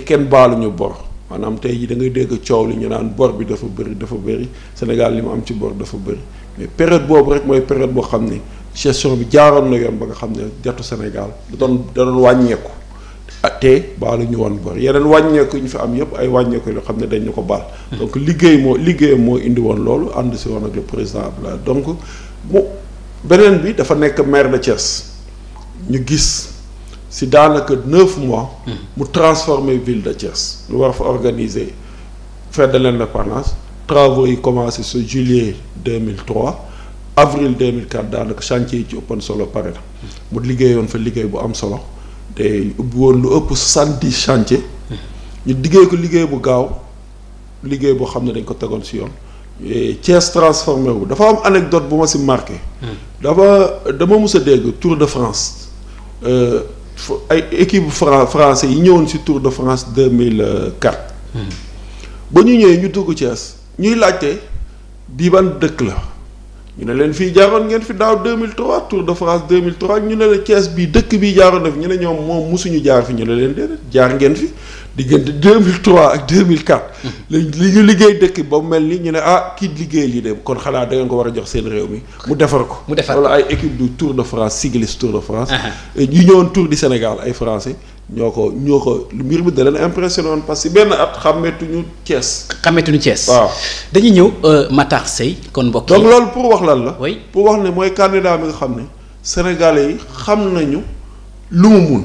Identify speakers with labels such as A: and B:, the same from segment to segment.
A: te kenn ñu bor maanaam tey ji da ngay dégg coow li ñu naan bor bi dafa bëri dafa bëri Sénégal li mu am ci bor dafa bëri mais période boobu rek mooy période boo xam ne gestion bi jaaroon na yoon ba nga xam ne dettu Sénégal da doon da doon wàññeeku ah, te baaluñu woon bor yeneen wàññeeku ñu fi am yëpp ay wàññeeku yoo xam ne dañ ñu ko baal. donc liggéey moo liggéeyam moo indi woon loolu ànd si woon ak le président Abdoulaye donc mu beneen bi dafa nekk maire de Thiès ñu gis. si que neuf mois. Hmm. mu transformer ville de Thiès. lu war fa organiser de l'indépendance travaux y commencé ce juillet 2003 avril 2004 le chantier yi ci ëppoon solo pare na. Nous avons fait liggéey bu am solo Nous avons woon lu ëpp Nous avons chantier. ñu liggéey ko liggéey bu gaaw liggéey boo xam dañ ko tegoon ci yoon. transformé wu dafa am anecdote bu ma ci marqué. Hmm. dafa dama mus a dégg Tour de France. Euh, ay équipe Fran français yi ñëwoon ci Tour de France 2004. Hmm. ba ñu ñëwee ñu dugg Thiès ñuy laajte bi ban dëkk la ñu ne leen fii jaaroon ngeen fi daaw 2003 Tour de France 2003 ñu ne la Thiès bii dëkk bii jaaroon na fi ñu ne ñoom moom mosuñu jaar fi ñu ne leen déedéet jaar ngeen fi. diggante 2003 ak 2004. li ñu liggéey dëkk ba mu mel ni ñu ne ah kii liggéey lii de kon xanaa da ngeen ko war a jox seen réew mi mu defar ko. mu defar wala ay équipe du Tour de France cycliste Tour de France. Uh-huh. ñu ñëwoon Tour du Sénégal ay français. ñoo ko ñoo ko mbir mi da leen impressionné parce que benn at xàmmeetuñu Thiès. xàmmeetuñu Thiès. waaw dañuy ñëw euh, Matar Sey kon mbokk donc loolu pour wax lan la. pour wax ne mooy candidat bi nga xam ne sénégalais yi xam nañu lu mu mun.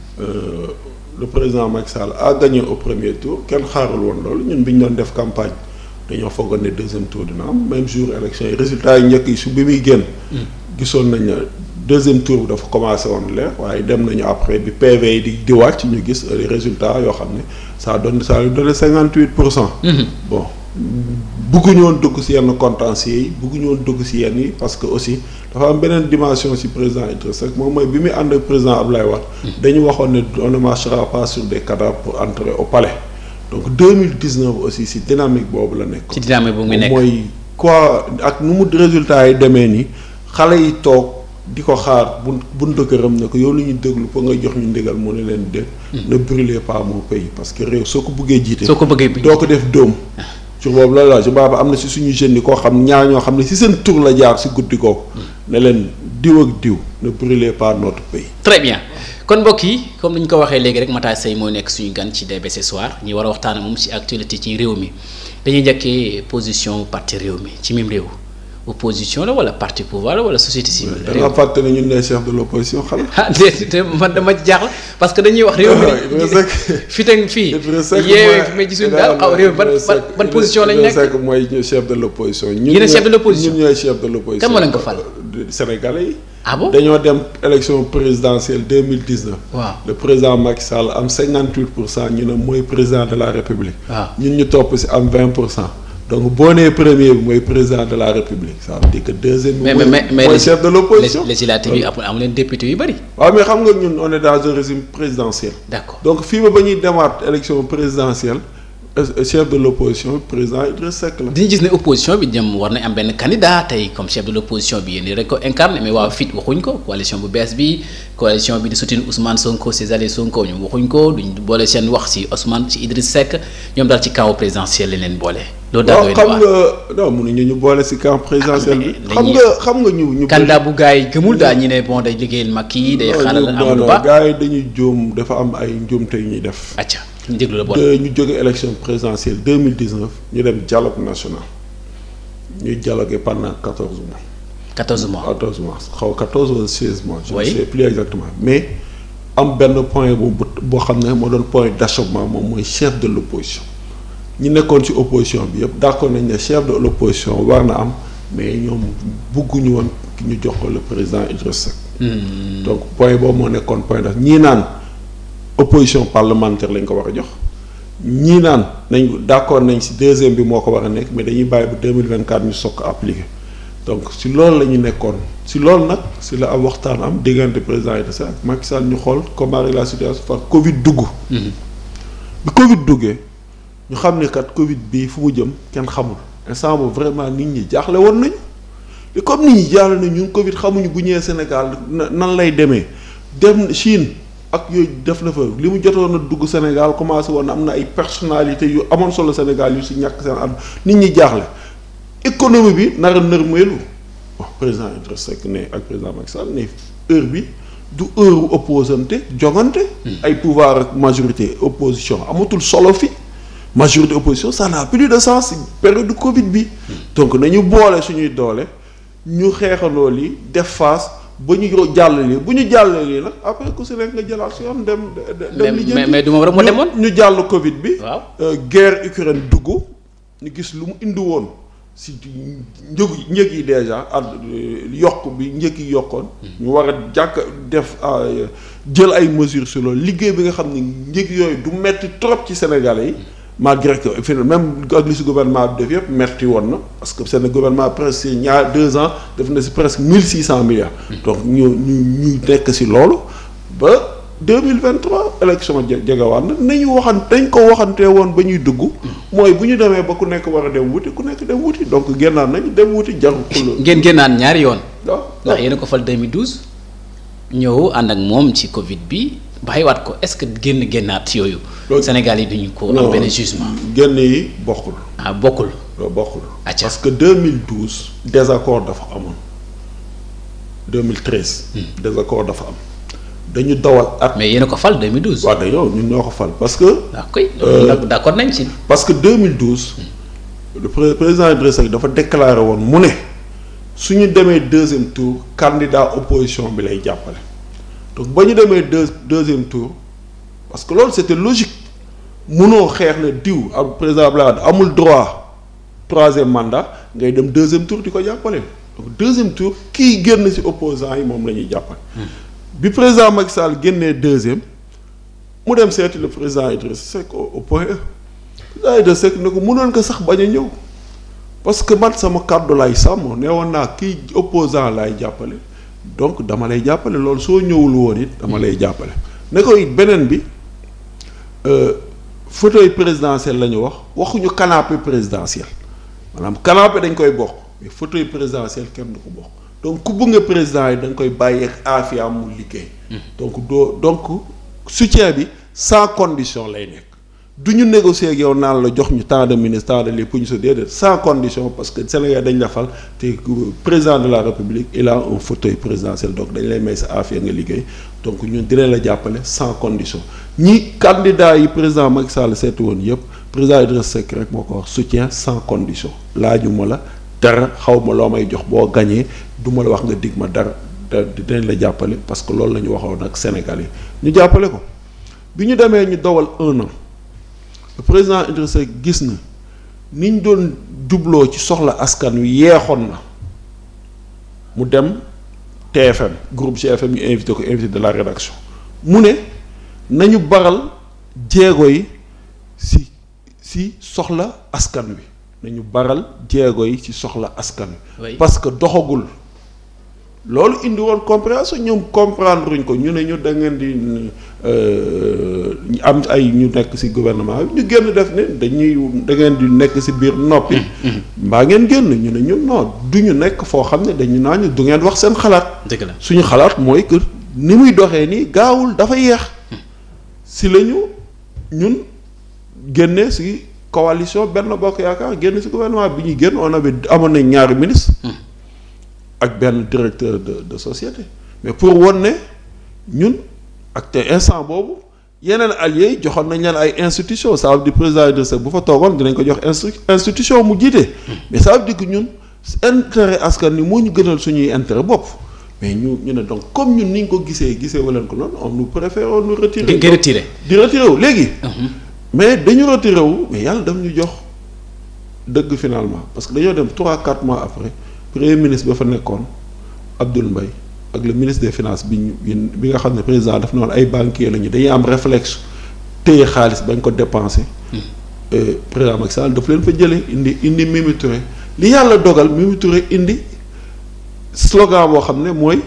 A: Euh, le président Macky Sall a gagné au premier tour kenn xaarul woon loolu ñun bi ñu doon def campagne dañoo foogoon deuxième tour de nom même jour élection résultat yi njëkk yi su bi muy qu'ils hmm. sont nañ deuxième tour bi dafa commencé woon leer waaye dem nañu après bi PV yi di di wàcc ñu gis euh, les résultats yoo ça donne ça donne 58%. 58% bon. bëgguñu woon dugg si yenn contentieux yi bëgguñu woon dugg si yenn yi parce que aussi dafa am beneen dimension si président Idrissa Seck moom mooy bi muy ànd ak président Ablaye Wade dañu waxoon ne on ne marchera pas sur des cadavres pour entrer au palais donc 2019 aussi si dynamique boobu la nekk. ci dynamique bu muy nekk mooy quoi ak nu mu résultat yi demee nii xale yi toog di ko xaar bu buntu këram ne ko yow lu ñu déglu pour nga jox ñu ndigal moo ne leen déet. Hmm. ne brûlez pas mon pays parce que réew soo ko bëggee jiite. soo ko bëggee doo ko def dóom. Ah. jour boobu loolu la je baaba am na si suñu jeunes yi koo xam ñaar ñoo xam ne si seen tour la jaar si guddi googu ne leen diw ak diw ne brûlez pas notre pays.
B: très bien kon bokki comme niñ ko waxé légui rek Matar sey moo nek suñu gan ci DBC Soir ñi wara a waxtaan moom si actualité ci réew mi dañuy njëkkee position parti réew mi ci mim réew opposition là wala parti pouvoir la wala société civile on a nga
A: ni ni ñun les chefs de l'opposition xanaa. ah déedéet man dama jaaxle parce que dañuy wax réew mi fi teg fii. yeewee mais gisuñu daal xaw réew ban
B: ban position lañ nek Seck
A: mooy chef de l'opposition. ñun ñooy chef de l'opposition ñun ñooy chef de l'opposition. kan mo lañ ko fal. Euh, Sénégalais yi. ah bon dañu dem élection présidentielle 2019 mille le président Macky Sall am 58% huit pour ñu président de la république. waaw ah. ñun ñu top ci am 20% donc bonnet premier moi, président de la république ça veut dire que deuxième. moi, chef de l'opposition. Les ah, mais on après député mais on est dans un régime présidentiel. D'accord. donc si vous avez une élection présidentielle chef de l'opposition président Idriss Seck la. di gis né
B: opposition bi dem war na am benn candidat tay comme chef de l'opposition bi yéen rek ko incarné mais waaw fit waxuñ ko coalition bu bees bi coalition bi di soutien Ousmane Sonko ses alliés Sonko ñu waxuñ ko duñ bolé sen wax ci Ousmane ci Idriss Seck ñom dal ci camp présidentiel lañ leen boole. loolu daal looy xam nga
A: non mënuñu ñu ñu bolé ci camp présidentiel xam nga xam nga ñu ñu. candidat bu gaay yi gëmul daal ñu ne bon day liggéeyal makki kii day. xaaral amul ba non non dañuy joom dafa am ay njuumte yu ñuy def. acca de l'élection présidentielle 2019, nous avons un dialogue national. Nous avons dialogué pendant 14 mois. 14 mois 14 mois. 14 ou 16 mois, je ne sais plus exactement. Mais, en ben point, bo, bo, un point d'achoppement, je suis chef de l'opposition. Nous sommes en opposition, d'accord, nous sommes chef de l'opposition, mais nous avons beaucoup de gens qui nous ont le président Idrissak. Hmm. Donc, point y nous sommes en point nan. opposition parlementaire lañ ko war a jox ñii naan nañ d'accord nañ ci deuxième bi moo ko war a nekk mais dañuy bàyyi ba 2024 ñu soog ko appliquer donc ci loolu la ñu nekkoon si lool nag si la am waxtaan am diggante président yi de ça ak ñu xool comment régler la situation par Covid dugg. Mm-hmm. bi Covid duggee ñu xam ne kat Covid bii fu mu jëm kenn xamul instant boobu vraiment nit ñi jaaxle woon nañu et comme nit ñi jaaxle na ñun Covid xamuñu bu ñëwee Sénégal nan lay demee dem Chine. ak yooyu def na fa li mu jotoon a dugg Sénégal commencé woon am na ay personnalité yu amoon solo Sénégal yu si ñàkk seen àdduna nit ñi jaaxle économie bi nar a nërmeelu wax président Idrissa Seck ne ak président Macky Sall ne heure bi du heure opposante jogante hmm. ay pouvoir ak majorité opposition amatul solo fi majorité opposition ça n'a plus de sens période du Covid bi hmm. donc nañu boole suñuy doole ñu xeexaloo li def face ba ñu jàll jàllalee bu ñu jàllalee nag après ku si nekk nga jëlaat si yoon dem. dem li mais mais du war a moo demoon ñu jàll Covid bi. waaw euh, guerre Ukraine dugg ñu gis lu mu indi woon si njëgu njëg yi déjà ak euh, yokk bi njëg yi yokkoon. Hmm. ñu war a jàkk def euh, jël ay mesures sur loolu liggéey bi nga xam ni njëg yooyu du metti trop ci Sénégalais yi. Hmm. malgré que finalement même ak li si def yëpp metti woon na parce que seen gouvernement presque ñaar deux ans def na si presque mille six cent milliards. donc ñu ñu ñu nekk si loolu ba deux mille vingt trois élection jegewaat na nañu waxan dañ ko waxantee woon ba ñuy dugg. mooy bu ñu demee ba ku nekk war a dem wuti ku nekk dem wuti donc génnaan nañ dem wuti jarul. ngeen
B: génnaan ñaari yoon. waaw ndax yéen a ko fal 2012. ñëw ànd ak moom ci Covid bi. bàyyiwaat ko est-ce que génn génnaat yooyu. Sénégal yi duñu
A: ko. am benn jugement génn yi bokkul. ah bokkul. bokkul ah, parce que 2012. désaccord dafa amoon 2013. Hmm. désaccord dafa am dañu dawal at. mais yéen a ko fal 2012. waaw dañoo ñun ñoo ko fal parce que.
B: d'accord ah, euh,
A: d'accord nañ ci. parce que 2012. Hmm. le président Idrissa Seck dafa déclaré woon mu ne suñu demee deuxième tour candidat opposition bi lay jàppale donc si vous avez deuxième tour parce que c'était logique mënoo le le président Abdoulaye a amul droit troisième mandat ngay deuxième tour Donc deuxième tour qui est ci opposants yi président Macky Sall le deuxième le président de au point e. président parce que man sama opposant donc dama lay jàppale loolu so ñewul woon it dama lay jàppale ne ko it beneen bi euh, fauteuil présidentiel lañu ñu wax waxuñu canapé présidentiel maanaam canapé dañ koy bok mais fauteuil présidentiel kenn du ko bokk donc ku bëgg nga président yi da koy bàyyi afia mu liké hmm. donc donc soutien bi sans condition lay nekk du ñu négocier ak yow naan la jox ñu temps de ministre tant de ñu sa déedéet sans condition parce que c'est Sénégal dañ la fal te président de la République il a un fauteuil présidentiel donc dañ lay may sa affaire nga liggéey donc ñun dinañ la jàppale sans condition ñi candidat yi président Macky Sall seeti woon yëpp président de Seck rek moo wax soutien sans condition laaju ma la dara xaw ma loo may jox boo gagner du ma la wax nga dig ma dara dinañ la jàppale parce que loolu la ñu waxoon ak Sénégal yi ñu jàppale ko bi ñu demee ñu dowal un an président Idrissa gis na ni doon djublo ci soxla askan wi yeexoon na mu dem TFM groupe TFM ñu invité ko invité de la rédaction mu ne nañu baral djégo yi si si soxla askan wi nañu baral djégo yi ci soxla askan wi parce que doxagul loolu indi woon compréhension ñoom comprendre uñ ko ñu ne ñu da ngeen di euh, am ay ñu nekk ci gouvernement bi ñu génn def ni dañuy da ngeen di nekk ci biir noppi mm-hmm. mbaa ngeen génn ñu ne ñun non du ñu nekk foo xam ne dañu naa ñu du ngeen wax seen xalaat dëgg suñu xalaat mooy que ni muy doxee nii gaawul dafa yeex mm-hmm. si lañu ñu ñun génnee ci coalition Benno Bokk Yaakaar génn si gouvernement bi ñuy génn on avait amoon nañ ñaari ministre mm-hmm. ak benn directeur de de société mais pour won ne ñun ak te instant boobu yeneen alliés yi joxoon nañ leen ay institution ça veut dire président de se bu fa toogoon dinañ ko jox instru institution mu jiite. mais ça veut dire que ñun intérêt askan ni moo ñu gënal suñuy intérêt bopp mais ñu ñu ne donc comme ñun ni ñu ko gisee gisee waleen ko noonu on nous préférons nous retirer. di retirer di retirer wu léegi. Mhm. mais dañu retirer mais yàlla daf ñu jox dëgg finalement parce que dañoo dem 3 4 mois après. premier ministre ba fa nekkoon Abdoul mbay ak le ministre de finance bi ñu bi nga xam ne président daf na woon ay banquier la ñu dañuy am réflexe téye xaalis bañ ko dépenser. Hmm. Euh, président Macky Sall daf leen fa jëlee indi indi Mimi Touré li yàlla dogal Mimi Touré indi slogan boo xam ne mooy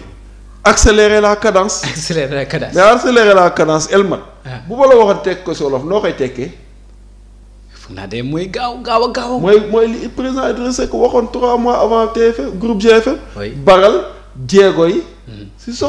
A: accélérer la cadence. accélérer la cadence la cadence Elmat. Ah. bu ma la waxoon teg ko si wolof noo koy tekkee. foog naa de mooy gaaw gaaw a gaaw. mooy mooy li président Idrissa Seck waxoon trois mois avant TFM groupe GFM. baral jéego yi. Hmm. si sox